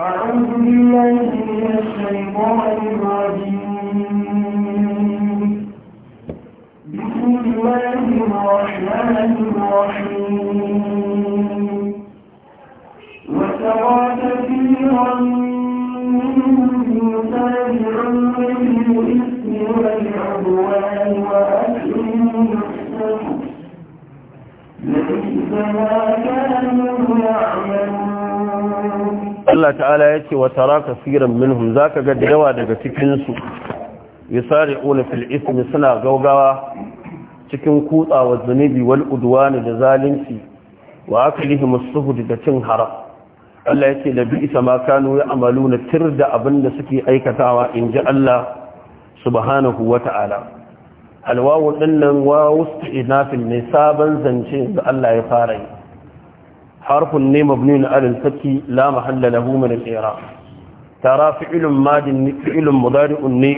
أعوذ بالله من الشيطان الرجيم بسم الله الرحمن الرحيم وسوى كثيرا منهم يتابعون بالإثم والعدوان وأكلهم السحر لبئس ما كانوا يعملون Allah ta'ala ya ce wa tara kasiran minhum zaka ga da yawa daga cikin su yusari'una fil ismi suna gaugawa cikin kutsawa zunubi wal udwani da zalunci wa aklihim as-suhud da cin haram Allah ya ce la bi'sa ma kanu da tirda abinda suke aikatawa in ji Allah subhanahu wa ta'ala alwawu dinnan wa wusti inafin ne sabon zance da Allah ya fara yi حرف النيم مبني على الفتح لا محل له من الإعراب ترى فعل ماد فعل مضارع ني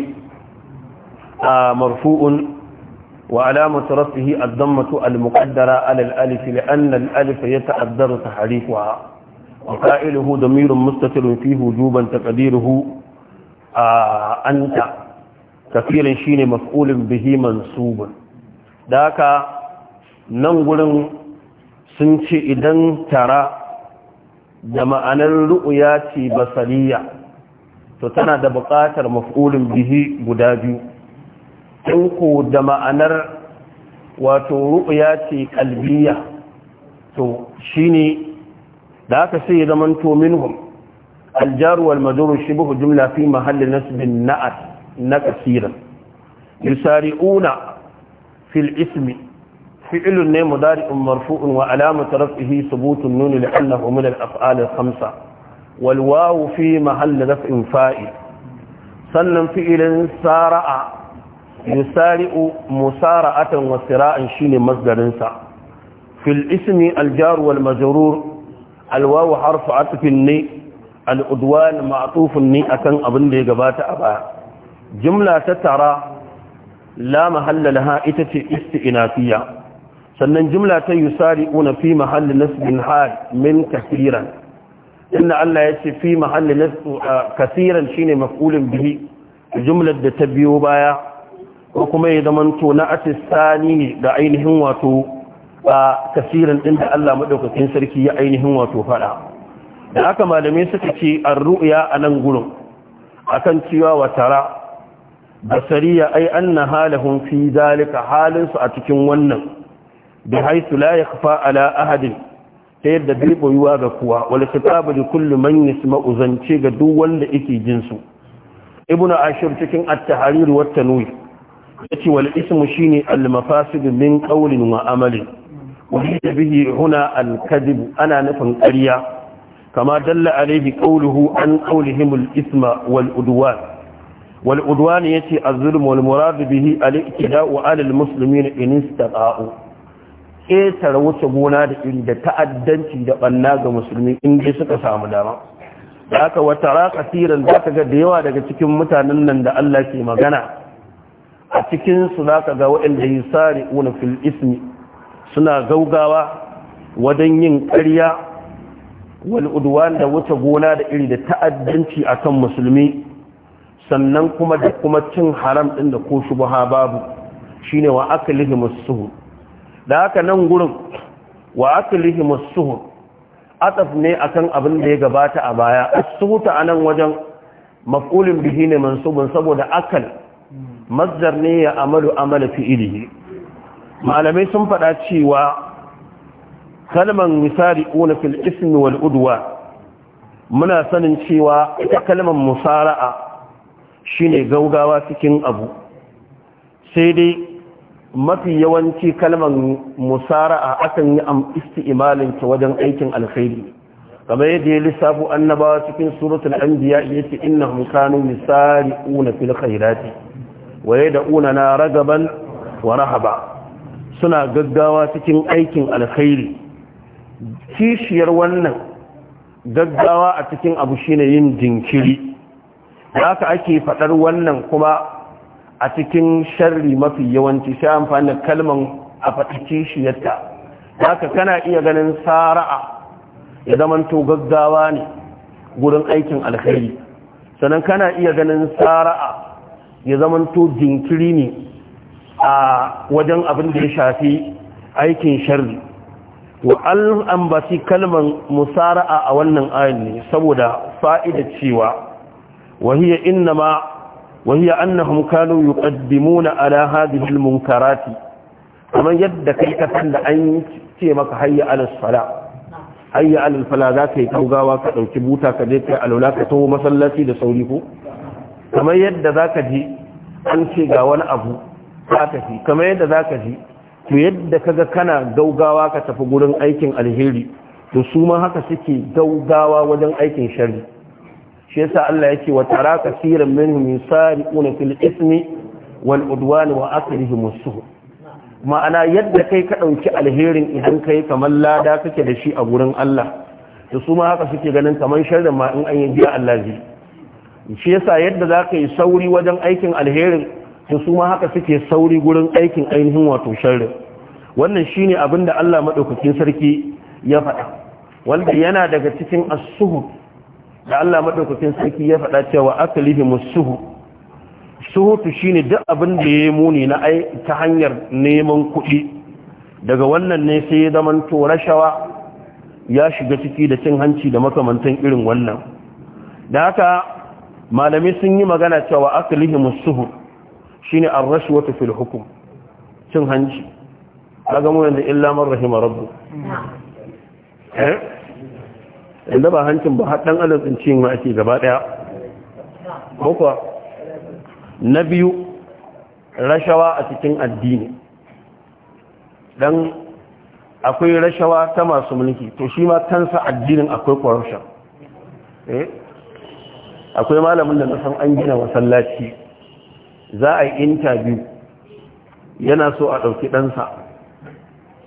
مرفوع وعلامة رفعه الضمة المقدرة على الألف لأن الألف يتقدر تحريفها وقائله ضمير مستتر فيه وجوبا تقديره أنت كثيرا شين مفعول به منصوب ذاك ننقل sun ce idan tara da ma'anar ru'uya ce basariya to tana da buƙatar maf'ulin bihi guda biyu in ko da ma'anar wato ru'uya ce kalbiya to shine da aka sai zaman aljaruwal minhum الجار والمجرور jumla fi في nasibin نسب na نكثيرا يسارعون في الاسم fi'ilun ne mudari'un marfu'un wa alamatu raf'ihi thubutun nun li'annahu min al-af'al al-khamsa wal wawu sannan fi'ilin sara'a yusari'u musara'atan wa sira'an shine masdarin sa fil ismi al-jar wal majrur al-wawu harfu atfin ne al-udwan ma'tufun ne akan abin da ya gabata a baya jumla ta tara la mahalla laha ita ce isti'nafiya sannan jumla ta yusari'una fi mahalli nasbin hal min kasiran Inda Allah ya ce fi mahalli nasbu kasiran shine maf'ulun bihi jumlar da ta biyo baya ko kuma ya zamanto na atisani ne da ainihin wato a kasiran din da Allah maɗaukakin sarki ya ainihin wato fada da haka malamai suka ce ar-ru'ya a nan gurin akan cewa wa tara basariya ai anna halahum fi zalika halinsu a cikin wannan bi haythu la yakhfa ala ahadin ta yadda bai boyuwa ga kowa wal khitabu li kulli man yasma'u zance ga duk wanda yake jin su ibnu ashir cikin at-tahrir wa tanwir yace wal ismu shine al mafasid min qawlin wa amalin wa bihi huna al kadhib ana nufin ƙarya kama dalla alayhi qawluhu an qawlihim al isma wal udwan wal udwan yace az-zulm wal murad bihi al alal wa al muslimin ƙetare wuce gona da iri da ta'addanci da ɓanna ga musulmi in inda suka samu dama da aka wata raka siran za ka ga da yawa daga cikin mutanen nan da Allah ke magana a cikin su za ka ga waɗanda yi sari una fil ismi suna gaugawa wajen yin ƙarya wani udwan da wuce gona da iri da ta'addanci kan musulmi sannan kuma da kuma cin haram ɗin da ko shubuha babu shine wa lihi masu suhu. da haka nan gurin wa aka as-suhur ne akan abin da ya gabata a baya as-suhuta anan wajen maf'ulun bihi ne mansubun saboda akal mazdar ne ya amalu amala fi'ilihi malamai sun faɗa cewa kalman misali, una fil ismi wal udwa muna sanin cewa ita kalman musara'a shine gaugawa cikin abu sai dai mafi yawanci kalmar musara'a akan yi am isti'imalin ta wajen aikin alkhairi kamar yadda ya lissafu annabawa cikin suratul anbiya yace innahum kanu misari'una fil khairati wa yad'una na ragaban wa rahaba suna gaggawa cikin aikin alkhairi kishiyar wannan gaggawa a cikin abu shine yin jinkiri haka ake fadar wannan kuma a cikin sharri mafi yawanci sai amfani da kalman a faɗi ba ka kana iya ganin sara'a ya to gaggawa ne gudun aikin alkhairi sannan kana iya ganin sara'a ya zamanto jinkiri ne a wajen abin da ya shafi aikin sharri Wa an kalman musara'a a wannan ayin ne saboda fa'ida cewa wahiyar inna ma وهي أنهم كانوا يقدمون على هذه المنكرات كما يد كيف تند أن تيمك هيا على الصلاة هيا على الفلا ذاك يتوقع وكذا تبوتا كذلك ألو لا كتو مسلسي لصوله كما يد ذاك جي أن تيقى وانا أبو كاتفي كما يد ذاك جي to yadda kaga kana gaugawa ka tafi gurin aikin alheri to su ma haka suke gaugawa wajen aikin shari'a shi yasa Allah yake wa tara kasiran minhum yusariquna fil ismi wal udwan wa akrihim as-suh ma'ana yadda kai ka dauki alherin idan kai kamar lada kake da shi a gurin Allah da su ma haka suke ganin kamar sharri ma in an yi Allah zai shi yasa yadda za ka yi sauri wajen aikin alherin da su ma haka suke sauri gurin aikin ainihin wato sharri wannan shine abin da Allah madaukakin sarki ya faɗa wanda yana daga cikin as-suhud da Allah madaukakin sarki ya faɗa cewa akalihimus suhu suhutu shine duk abin da yayi muni na ai ta hanyar neman kuɗi daga wannan ne sai ya zaman to rashawa ya shiga ciki da cin hanci da makamantan irin wannan da haka malami sun yi magana cewa akalihimus musuhu shine ar-rashwatu fil hukm cin hanci kaga mu yanzu illa man rahima rabbu hmm. eh inda ba hancin ba haɗin adam cin ma ake gaba ɗaya kuwa na biyu rashawa a cikin addini don akwai rashawa ta masu mulki to shi ma kansa addinin akwai corruption eh? akwai malamin da na san an gina masallaci za a yi intabiyu yana so a ɗauki ɗansa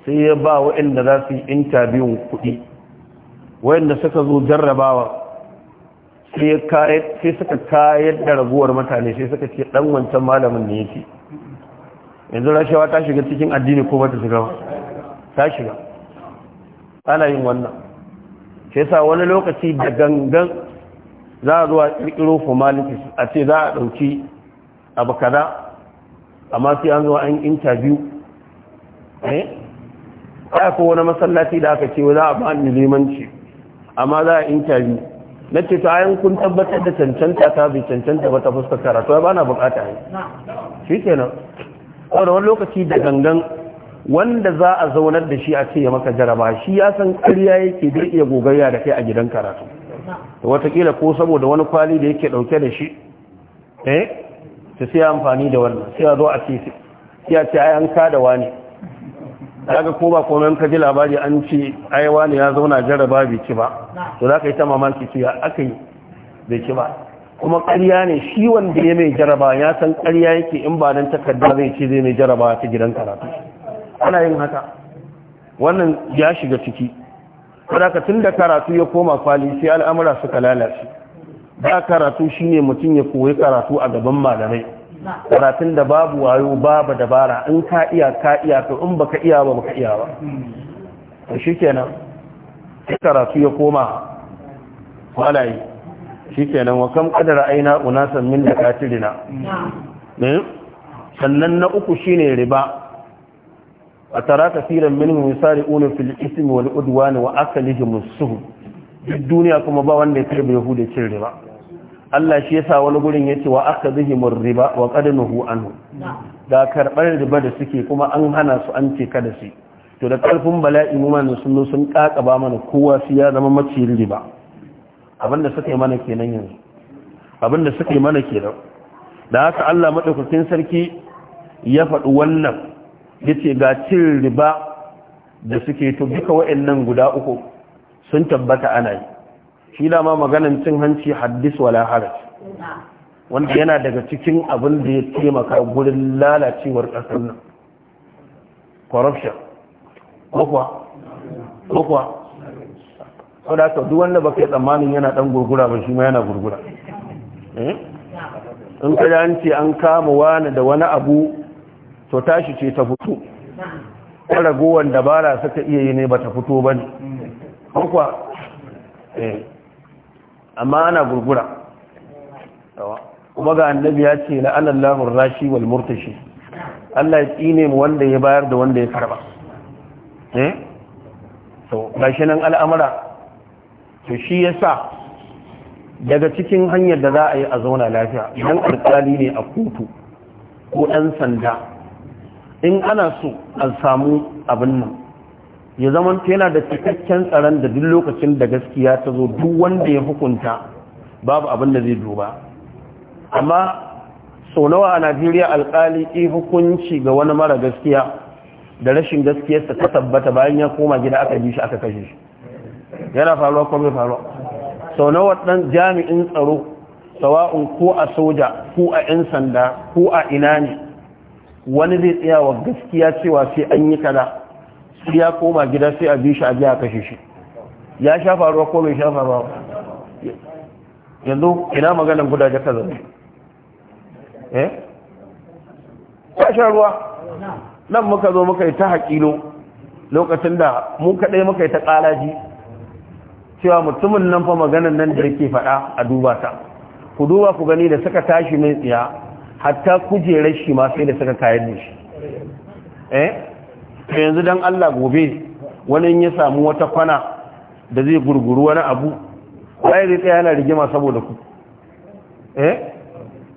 sai ya ba waɗanda za su yi intabiyun kuɗi wayanda suka zo jarrabawa sai suka kayar da raguwar mutane sai suka ce dan wancan malamin ne yake yanzu rashawa ta shiga cikin addini ko bata shiga ta shiga ana yin wannan sai sa wani lokaci da gangan za a zuwa kirkiro formalities a ce za a ɗauki abu kaza amma sai an zo an interview eh ko wani masallaci da aka ce za a ba ni limanci amma za a intari na ce ta ayin kun tabbatar da cancanta ta bai cancanta ba ta fuska karatu ba na bukata ne shi nan saboda wani lokaci da gangan wanda za a zaunar da shi a ce ya maka jaraba shi ya san ƙarya yake da iya gogayya da kai a gidan karatu watakila ko saboda wani kwali da yake dauke da shi eh ta sai amfani da wannan sai a zo a ce sai a ce ai kada wani kaga ko ba komai ka ji labari an ce aiwa ne ya zauna jaraba bai ci ba to za ka yi ta mamaki ce ya aka yi bai ci ba kuma ƙarya ne shi wanda ya mai jaraba ya san ƙarya yake in ba don takarda zai ce zai mai jaraba ta gidan karatu ana yin haka wannan ya shiga ciki saboda tun da karatu ya koma kwali sai al'amura suka lalace Da karatu shine mutum ya koyi karatu a gaban malamai karatun da babu wayo babu dabara in ka iya ka iya to in baka iya ba baka iya ba to shikenan sai karatu ya koma walai shikenan wa kam qadara aina unasan min dakatirina ne sannan na uku shine riba a tara kasiran minhum yusari'una fil ismi wal udwan wa akalihim as duk duniya kuma ba wanda ya kai yahudi cin riba Allah shi yasa wani gurin yace wa akadhihimur riba wa qad nuhu anhu da karbar riba da suke kuma an hana su an ce kada su to da karfin bala'i mu ma sun sun kakaba mana kowa su ya zama mace riba abinda suka yi mana kenan yanzu abinda suka yi mana kenan da haka Allah madaukakin sarki ya faɗi wannan yace ga cin riba da suke to duka wa'annan guda uku sun tabbata ana yi shi dama maganin cin hanci haddis wala haraj wanda yana daga cikin abin da ya taimaka gurin lalacewar ƙasar nan corruption kokwa kokwa sau da duk wanda baka yi tsammanin yana ɗan gurgura ba shi ma yana gurgura eh? in kada an ce an kama wani da wani abu to tashi ce ta fito ta ragowar dabara suka iya yi ne ba ta fito ba ne eh amma ana gurgura kuma ga annabi ya ce la'anallahu rashi wal murtashi Allah ya tsine mu wanda ya bayar da wanda ya karba eh to gashi nan al'amara to shi yasa daga cikin hanyar da za a yi a zauna lafiya idan alƙali ne a kotu ko ɗan sanda in ana so a samu abin nan ya zama yana da cikakken tsaron da duk lokacin da gaskiya ta zo duk wanda ya hukunta babu abin da zai duba amma sau nawa a najeriya alkali yi hukunci ga wani mara gaskiya da rashin gaskiyarsa ta tabbata bayan ya koma gida aka bi shi aka kashe shi yana faruwa ko bai faruwa sau nawa ɗan jami'in tsaro sawa'un ko a soja ko a 'yan sanda ko a ina ne wani zai tsaya wa gaskiya cewa sai an yi kada sai ya koma gida sai a bi shi a biya kashe shi ya sha faruwa ko mai sha faruwa yanzu ina maganin gudajen jaka ne eh ya sha ruwa nan muka zo muka yi ta haƙilo lokacin da mu kaɗai muka yi ta ƙalaji cewa mutumin nan fa maganin nan da yake faɗa a duba ta ku duba ku gani da suka tashi mai tsiya hatta kujerar shi ma sai da suka kayar da shi eh ta yanzu don Allah gobe wani ya samu wata kwana da zai gurguru wani abu Bayan zai tsaye yana rigima saboda ku eh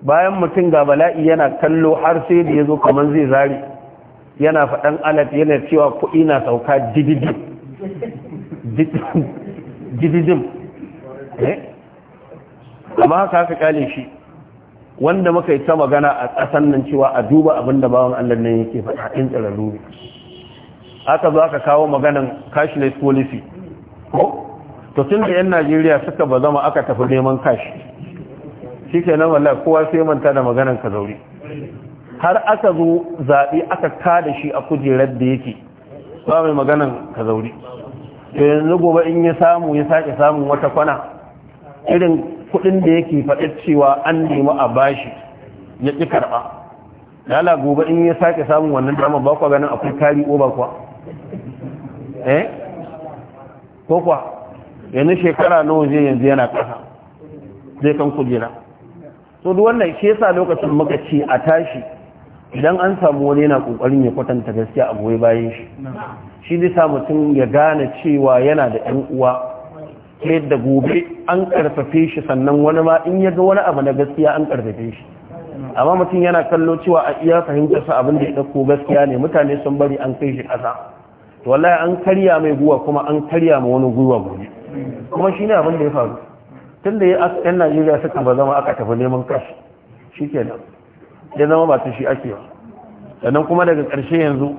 bayan mutum ga bala'i yana kallo har sai da ya zo kamar zai zari yana faɗan alat yana cewa kuɗi na sauka dididim dididim eh amma haka haka kale shi wanda muka yi ta magana a ƙasan nan cewa a duba abin da bawan Allah nan yake faɗa in tsararru ne aka zo aka kawo maganin cashless policy ko to tun da 'yan najeriya suka ba zama aka tafi neman cash shi ke nan wallah kowa sai manta da maganan ka zauri har aka zo zaɓe aka kada shi a kujerar da yake ba mai maganan ka zauri to yanzu gobe in ya samu ya sake samun wata kwana irin kudin da yake faɗi cewa an nemi a bashi ya ƙi karɓa lala gobe in ya sake samun wannan dama ba ganin akwai kari oba kuwa eh ko kuwa yanzu shekara nawa zai yanzu yana ƙasa zai kan kujera so duk wannan shi yasa lokacin muka ce a tashi idan an samu wani yana kokarin ya kwatanta gaskiya a goyi bayan shi shi ne sa mutum ya gane cewa yana da ɗan uwa ta da gobe an karfafe shi sannan wani ma in ya ga wani abu na gaskiya an karfafe shi amma mutum yana kallo cewa a iya fahimtar su abin da ya ɗauko gaskiya ne mutane sun bari an kai shi ƙasa to wallahi an karya mai guwa kuma an karya ma wani guwa gobe kuma shi ne abin da ya faru tun da yan najeriya suka ba zama aka tafi neman kashi shi ke nan ya zama ba ta shi ake ba sannan kuma daga ƙarshe yanzu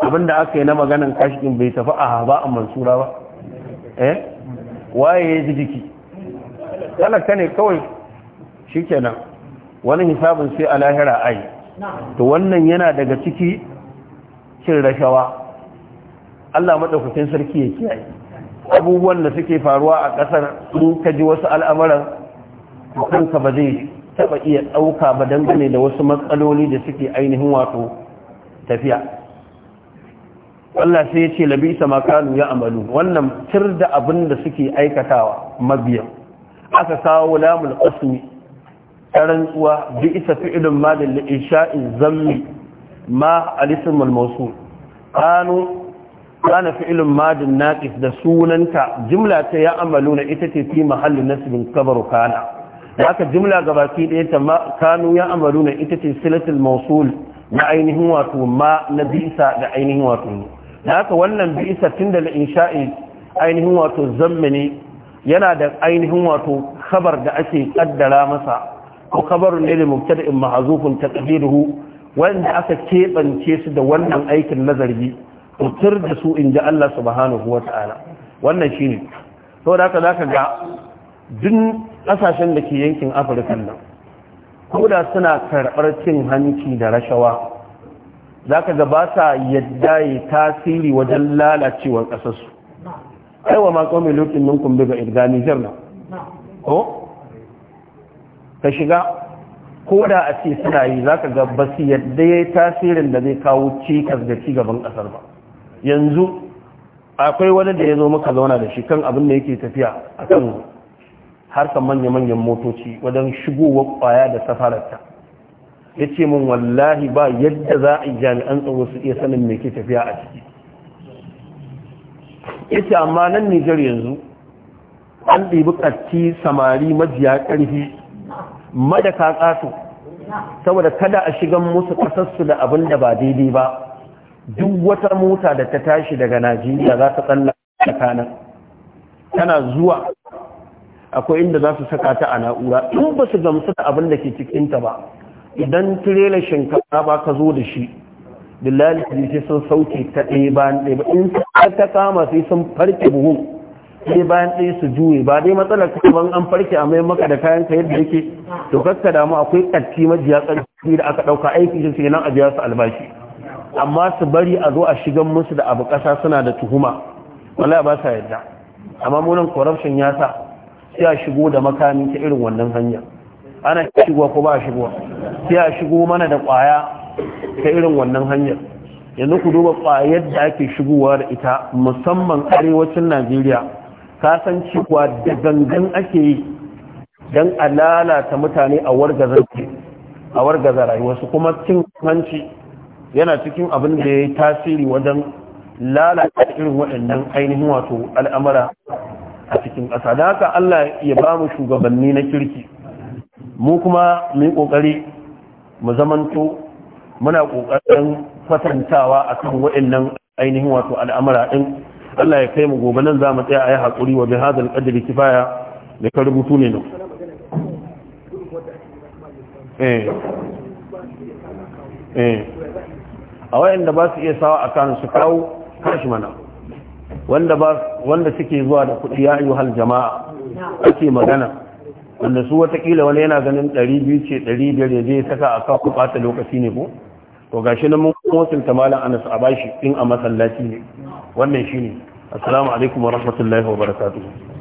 abin da aka yi na maganin kash ɗin bai tafi a haba, a mansura ba eh waye ya ji jiki talaka ne kawai shi ke nan wani hisabin sai a lahira ai to wannan yana daga ciki cin rashawa Allah maɗaukakin sarki ya kiyaye abubuwan da suke faruwa a ƙasar in ka ji wasu al'amuran kanka ba zai taba iya ɗauka ba dangane da wasu matsaloli da suke ainihin wato tafiya Allah sai ya ce labisa makanu ya amalu wannan tir da abin da suke aikatawa mabiyan aka kawo lamul qasmi rantsuwa bi isa fi'ilun madin li zammi ma al-ism kanu kana fi'ilun madin naqis da sunanta jumla ta ya amaluna ita ce fi mahallin nasbin kabaru kana da jumla gabaki ɗaya ta kanu ya amaluna ita ce silatul mawsul na ainihin wato ma na bisa da ainihin wato da haka wannan bisa tunda da insha'i ainihin wato zammi ne yana da ainihin wato kabar da ake kaddara masa ko kabarun ne da mubtada'in mahzufun taqdiruhu wanda aka kebance su da wannan aikin nazari kutur da su in ji Allah subhanahu wa ta'ala wannan shi ne sau da haka za ka ga duk ƙasashen da ke yankin afirka nan koda suna karɓar cin hanci da rashawa za ka ga ba sa yadda yi tasiri wajen lalacewar ƙasarsu aiwa ma kome lokacin ga irga nijar jirna ko ka shiga ko da a ce suna yi za ka ga ba yadda ya yi tasirin da zai kawo cikas da cigaban ƙasar ba yanzu akwai wani da ya zo maka zauna da shi kan abin da yake tafiya a kan harkar manya-manyan motoci wajen shigowa kwaya da safararta ya ce min wallahi ba yadda za a yi jami'an tsoro su iya sanin mai ke tafiya a ciki ya ce amma nan nijar yanzu an ɗibi ƙarfi samari majiya ƙarfi madaka ƙato saboda kada a shigan musu ƙasarsu da abin da ba daidai ba duk wata mota da ta tashi daga najeriya za ta tsalla tsakanin tana zuwa akwai inda za su saka ta a na'ura in ba su gamsu da abin da ke cikinta ba idan tirela shinkafa ba ka zo da shi dillali sai sun sauke ta ɗaya bayan ɗaya ba in ta kama sai sun farke buhun ɗaya bayan ɗaya su juye ba dai matsalar ka ban an farke a mai maka da kayan ka yadda yake to kakka damu akwai ƙarfi majiya ƙarfi da aka ɗauka aiki sai nan a biya su albashi amma su bari a zo a shigan musu da abu ƙasa suna da tuhuma wala ba sa yadda amma munan corruption ya sa sai a shigo da makami ta irin wannan hanya ana shigowa ko ba shigowa sai a shigo mana da ƙwaya ta irin wannan hanyar yanzu ku duba ƙwayar da ake shigowa da ita musamman arewacin najeriya ka san cewa da gangan ake yi don a lalata mutane a wargaza rayuwarsu kuma cin hanci yana cikin abin da ya yi tasiri wajen lalata irin waɗannan ainihin wato al'amara a cikin ƙasa da haka Allah ya ba mu shugabanni na kirki mu kuma mu ƙoƙari mu zamanto muna ƙoƙarin fatantawa a kan waɗannan ainihin wato al'amara ɗin Allah ya kai mu gobe nan za mu tsaya a yi haƙuri wa bihazal ƙadiri kifaya da ka rubutu ne nan. Eh. Eh. a wayanda ba su iya sawa a kan su kawo kashi mana wanda suke zuwa da kuɗi ya hal jama'a ake magana wanda su watakila wani yana ganin 200 ce 500 ya je saka a kawo bata lokaci ne ko to gashi nan mun ta malam Anas a bashi in a masallaci ne wannan ne assalamu alaikum wa rahmatullahi wa barakatuh